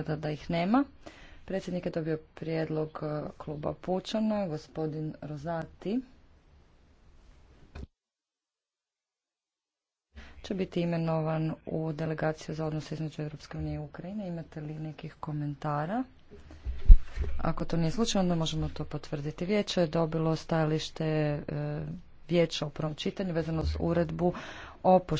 izgleda da ih nema. Predsjednik je dobio prijedlog e, kluba Pučana, gospodin Rozati. će biti imenovan u delegaciju za odnose između Europske unije i Ukrajine. Imate li nekih komentara? Ako to nije slučaj, onda možemo to potvrditi. Vijeće je dobilo stajalište e, vijeća u prvom čitanju vezano uz uredbu o